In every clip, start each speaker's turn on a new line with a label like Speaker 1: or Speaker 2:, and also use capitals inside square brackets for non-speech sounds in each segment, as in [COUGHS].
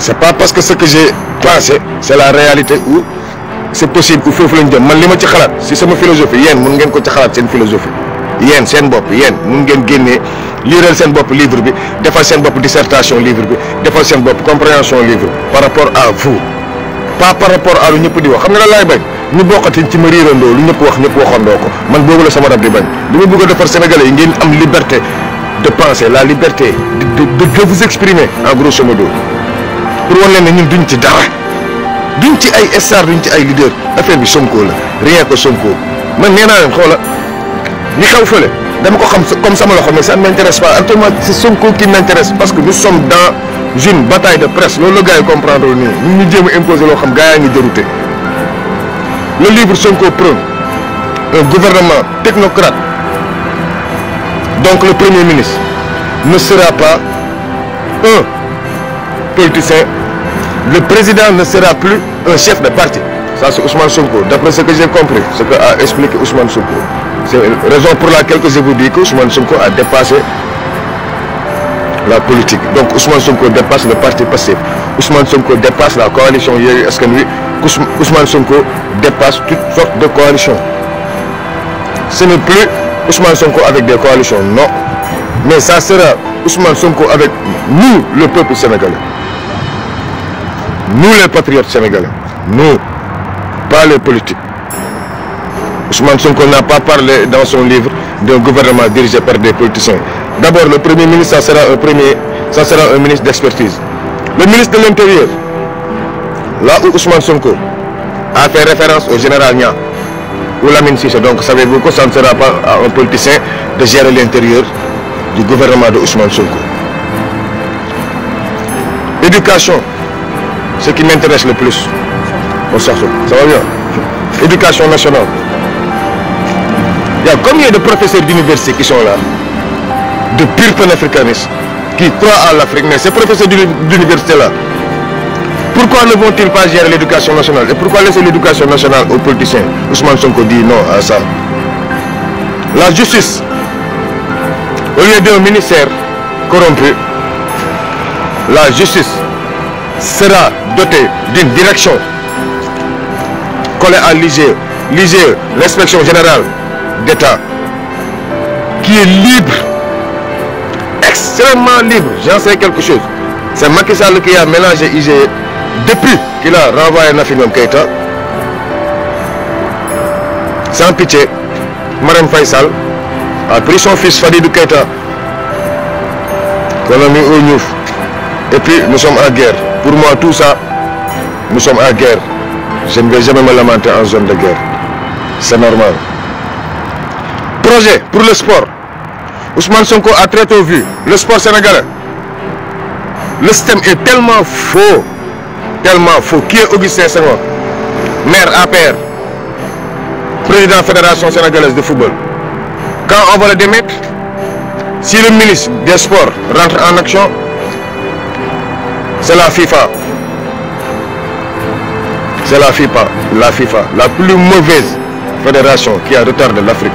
Speaker 1: c'est pas parce que ce que j'ai pensé c'est la réalité ou c'est possible que foofu lañ jëm man li ma ci xalaat si sama philosophie yéen mun ngeen ko ci xalaat seen philosophie yéen seen bopp yéen mun Lire c'est liiral seen bopp livre bi defal seen bopp dissertation livre bi defal seen bopp compréhension livre par rapport à vous pas par rapport à lu ñëpp di wax xam nga lan laay bañ ñu bokkati ci ma ndo lu ñëpp wax ñëpp waxandoo man boobu la sama rab di bañ li ma bëgg defar sénégalais ngeen am liberté de penser la liberté de de de vous exprimer en grosso modo pour wan leen ne ñun duñ ci dara duñ ci ay star duñ ci ay leader affaire bi Sonko rien que Sonko man Mais naa pas xoola ñi xaw fële dama ko xam comme sama mais ça ne m'intéresse pas automatiquement c'est Sonko qui m'intéresse parce que nous sommes dans une bataille de presse Le gars comprend comprendre nii ñun ñu jéem imposer loo gars dérouté le livre Sonko prône un gouvernement technocrate donc le premier ministre ne sera pas un politicien le président ne sera plus un chef de parti. Ça, c'est Ousmane Sonko. D'après ce que j'ai compris, ce qu'a expliqué Ousmane Sonko. C'est la raison pour laquelle je vous dis que Ousmane Sonko a dépassé la politique. Donc Ousmane Sonko dépasse le parti passé. Ousmane Sonko dépasse la coalition que lui, Ousmane Sonko dépasse toutes sortes de coalitions. Ce n'est plus Ousmane Sonko avec des coalitions, non. Mais ça sera Ousmane Sonko avec nous, le peuple sénégalais nous les patriotes sénégalais, nous, pas les politiques. Ousmane Sonko n'a pas parlé dans son livre d'un gouvernement dirigé par des politiciens. D'abord, le Premier ministre, ça sera un, premier, ça sera un ministre d'expertise. Le ministre de l'Intérieur, là où Ousmane Sonko a fait référence au général Nia, ou la ministre. donc savez-vous que ça ne sera pas un politicien de gérer l'intérieur du gouvernement de Ousmane Sonko. Éducation, ce qui m'intéresse le plus au Sarso. Ça va bien Éducation nationale. Il y a combien de professeurs d'université qui sont là De purs panafricanistes qui croient à l'Afrique. Mais ces professeurs d'université-là, pourquoi ne vont-ils pas gérer l'éducation nationale Et pourquoi laisser l'éducation nationale aux politiciens Ousmane Sonko dit non à ça. La justice, au lieu d'un ministère corrompu, la justice sera doté d'une direction collée à l'IGE, l'IGE, l'inspection générale d'État, qui est libre, extrêmement libre, j'en sais quelque chose. C'est Macky qui a mélangé IGE depuis qu'il a renvoyé Nafimam Keita. Sans pitié, Mme Faisal a pris son fils Fadi Keïta qu'on a Et puis nous sommes en guerre. Pour moi, tout ça, nous sommes en guerre. Je ne vais jamais me lamenter en zone de guerre. C'est normal. Projet pour le sport. Ousmane Sonko a très tôt vu le sport sénégalais. Le système est tellement faux, tellement faux. Qui est Augustin Senghor Maire à père. président de la Fédération sénégalaise de football. Quand on va le démettre, si le ministre des Sports rentre en action, c'est la FIFA. C'est la FIFA, la FIFA, la plus mauvaise fédération qui a retardé l'Afrique.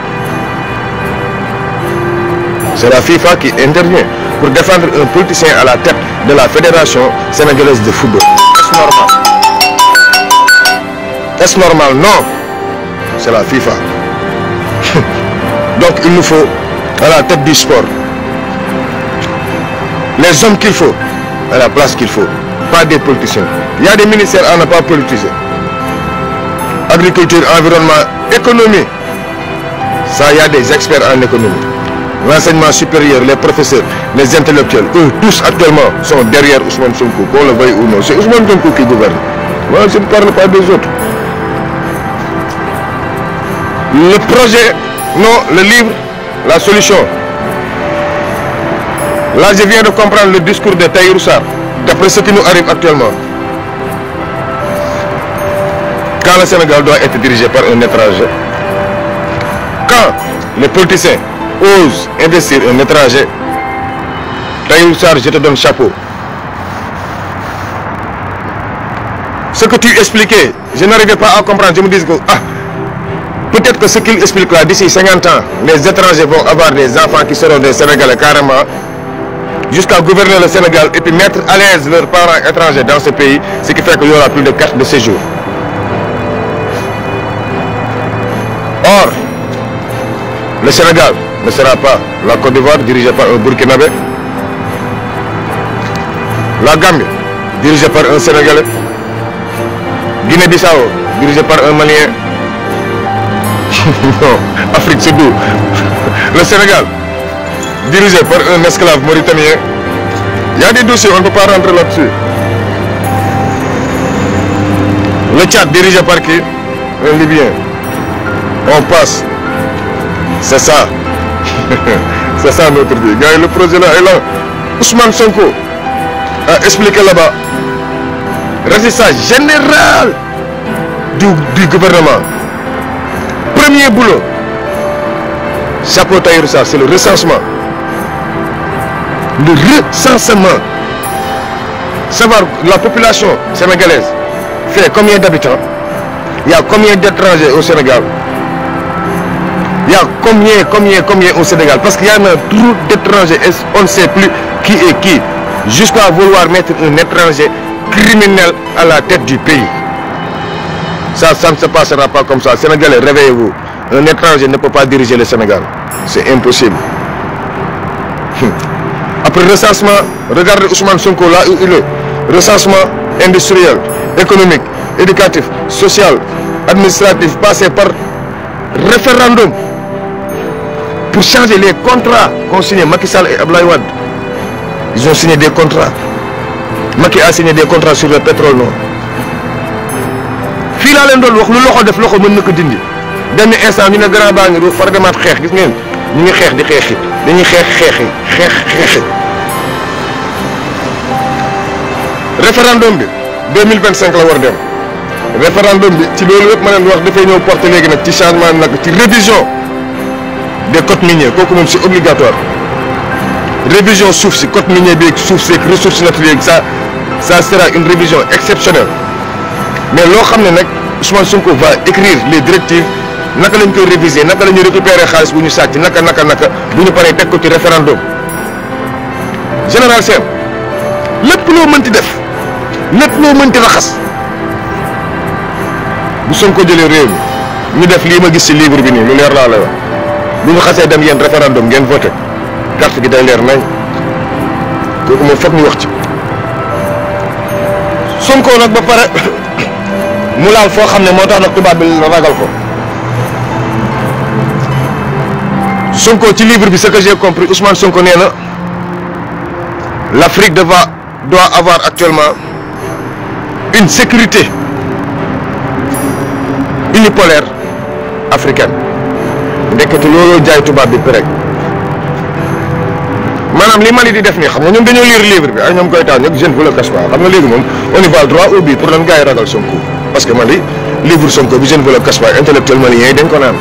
Speaker 1: C'est la FIFA qui intervient pour défendre un politicien à la tête de la Fédération sénégalaise de football. Est-ce normal Est-ce normal Non. C'est la FIFA. [LAUGHS] Donc il nous faut à la tête du sport les hommes qu'il faut à la place qu'il faut, pas des politiciens. Il y a des ministères à ne pas politiser. Agriculture, environnement, économie. Ça, il y a des experts en économie. L'enseignement supérieur, les professeurs, les intellectuels, eux tous actuellement sont derrière Ousmane Sonko, qu'on le veuille ou non. C'est Ousmane Sonko qui gouverne. Moi, je ne parle pas des autres. Le projet, non, le livre, la solution, Là, je viens de comprendre le discours de Taïr d'après ce qui nous arrive actuellement. Quand le Sénégal doit être dirigé par un étranger, quand les politiciens osent investir un étranger, Taïr je te donne chapeau. Ce que tu expliquais, je n'arrivais pas à comprendre. Je me disais que, ah, peut-être que ce qu'il explique là, d'ici 50 ans, les étrangers vont avoir des enfants qui seront des Sénégalais carrément jusqu'à gouverner le Sénégal et puis mettre à l'aise leurs parents étrangers dans ce pays, ce qui fait qu'il y aura plus de cartes de séjour. Or, le Sénégal ne sera pas la Côte d'Ivoire dirigée par un Burkinabé, la Gambie dirigée par un Sénégalais, Guinée-Bissau dirigée par un Malien, [LAUGHS] non, Afrique c'est le Sénégal dirigé par un esclave mauritanien. Il y a des dossiers, on ne peut pas rentrer là-dessus. Le Tchad dirigé par qui Un Libyen. On passe. C'est ça. [LAUGHS] C'est ça notre vie. le projet là est là. Ousmane Sonko a expliqué là-bas. Résistance générale du, du gouvernement. Premier boulot. Chapeau ça, c'est le recensement le recensement. Savoir la population sénégalaise fait combien d'habitants, il y a combien d'étrangers au Sénégal, il y a combien, combien, combien au Sénégal. Parce qu'il y a un trop d'étrangers on ne sait plus qui est qui. Jusqu'à vouloir mettre un étranger criminel à la tête du pays. Ça, ça ne se passera pas comme ça. Sénégalais, réveillez-vous. Un étranger ne peut pas diriger le Sénégal. C'est impossible. Hum. Après recensement, regardez Ousmane Sonko là où il est. Recensement industriel, économique, éducatif, social, administratif, passé par référendum pour changer les contrats qu'ont signés Macky Sall et Ablaï Ils ont signé des contrats. Macky a signé des contrats sur le pétrole noir. fii laa leen doon wax lu loxo def loxo mën na ko dindi benn instant fait un grand baa ngi ruuf far di référendum bi 2025 la war dem référendum bi ci loolu yëpp ma leen wax dafay ñëw porte léegi nag ci changement nag ci révision des codes miniers kooku moom c'est obligatoire révision suuf si code minier bi suuf si ressources naturelles ça ça sera une révision exceptionnelle mais loo xam ne nag Ousmane Sonko va écrire les directives naka lañ koy réviser naka lañu récupérer xaliss buñu sacc naka naka naka buñu paré tek ko ci référendum général lepp lo mën ti def lo mën ti raxas bu ko jëlé réew ñu def li ma gis ci livre bi ni lu leer la lay wax bu ñu xasse dem yeen référendum ngeen voté carte gi day leer nañ ko mo fakk ñu wax ci ko nak ba paré [COUGHS] mu laal fo xamné ne tax nak tuba bi ragal ko Sonko ci livre bi ce que j'ai compris Ousmane Sonko néna l'Afrique doit doit avoir actuellement une sécurité unipolaire africaine ndekete looloo jay tubaab bi rek manam li mali di def ni xam nga ñom dañu lire livre bi ak ñom koy taw ñak jeune vous le cache pas xam nga légui mom on y va droit au but pour lan gay ragal sonko parce que mali livre sonko bi jeune vous le cache pas intellectuel malien dañ ko nane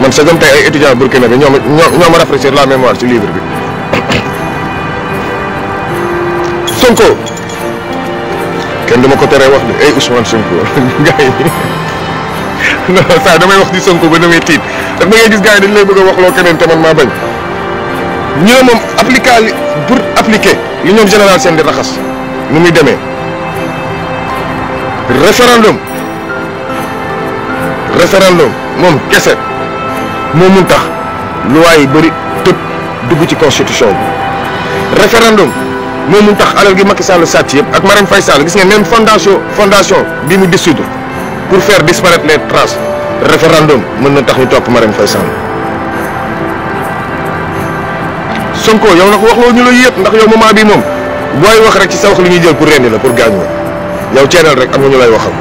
Speaker 1: man sa gëm tey ay étudiants burkinabé ñoo ma ñoo ma rafraîchir la mémoire ci livre bi Sonko kenn dama ko teree wax de ay eh, Ousmane Sonko [LAUGHS] gars yi non saa damay wax di Sonko ba damay tiit daf da ngay gis gars yi lay bëgg a waxloo keneen te man maa bañ ñu ne moom appliqué li ñoom général seen raxas nu muy demee référendum référendum moom kese. moo tax loi yi bëri tëb dugg ci constitution bi référendum moo mun tax alal gi Macky Sall sat yëpp ak Marème Faye Sall gis nga même fondation fondation bi mu dissoudre pour faire disparaître les traces référendum mën na tax ñu top Marème Faye Sall sonko yow nak wax lo ñu la yépp ndax yow moment bi mom boy wax rek ci sa wax ñuy jël pour rendi la pour gagne yow tiénal rek am ñu lay waxal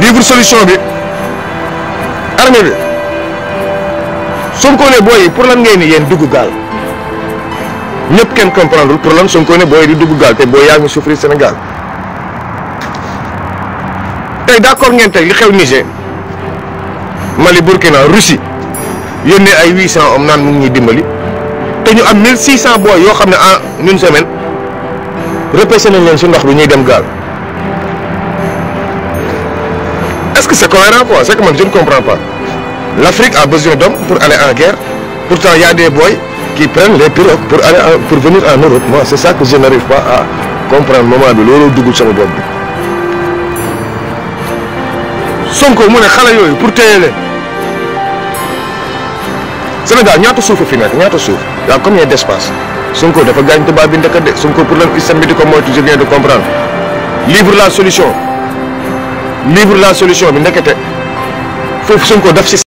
Speaker 1: livre solution bi armée bi Sonko ne booy pour lan ngay ni yéen dugg gaal ñëpp comprendre pour lan Sonko ne di duggu gal te boy yaa ngi souffrir Sénégal tey d'accord ngeen tey li xew Niger Mali Burkina Russie yónnee ay 800 om nan mu ngi dimbali te ñu am 1600 boy yo xam en une semaine repêché nañ leen si ndox bi ñuy dem gal est-ce que c'est cohérent quoi C'est que moi, je ne comprends pas. L'Afrique a besoin d'hommes pour aller en guerre. Pourtant, il y a des boys qui prennent les pirogues pour, pour venir en Europe. Moi, c'est ça que je n'arrive pas à comprendre. Maman de l'euro du Bob. Sonko mu ne xale yooyu pour téye leen Sénégal ñaata suuf fi nekk souffle. Il y a combien d'espace Sonko dafa gaañ tubaab de babine de Sonko pour lan système bi di ko moytu je viens de comprendre livre la solution livre la solution bi pas foofu Sonko daf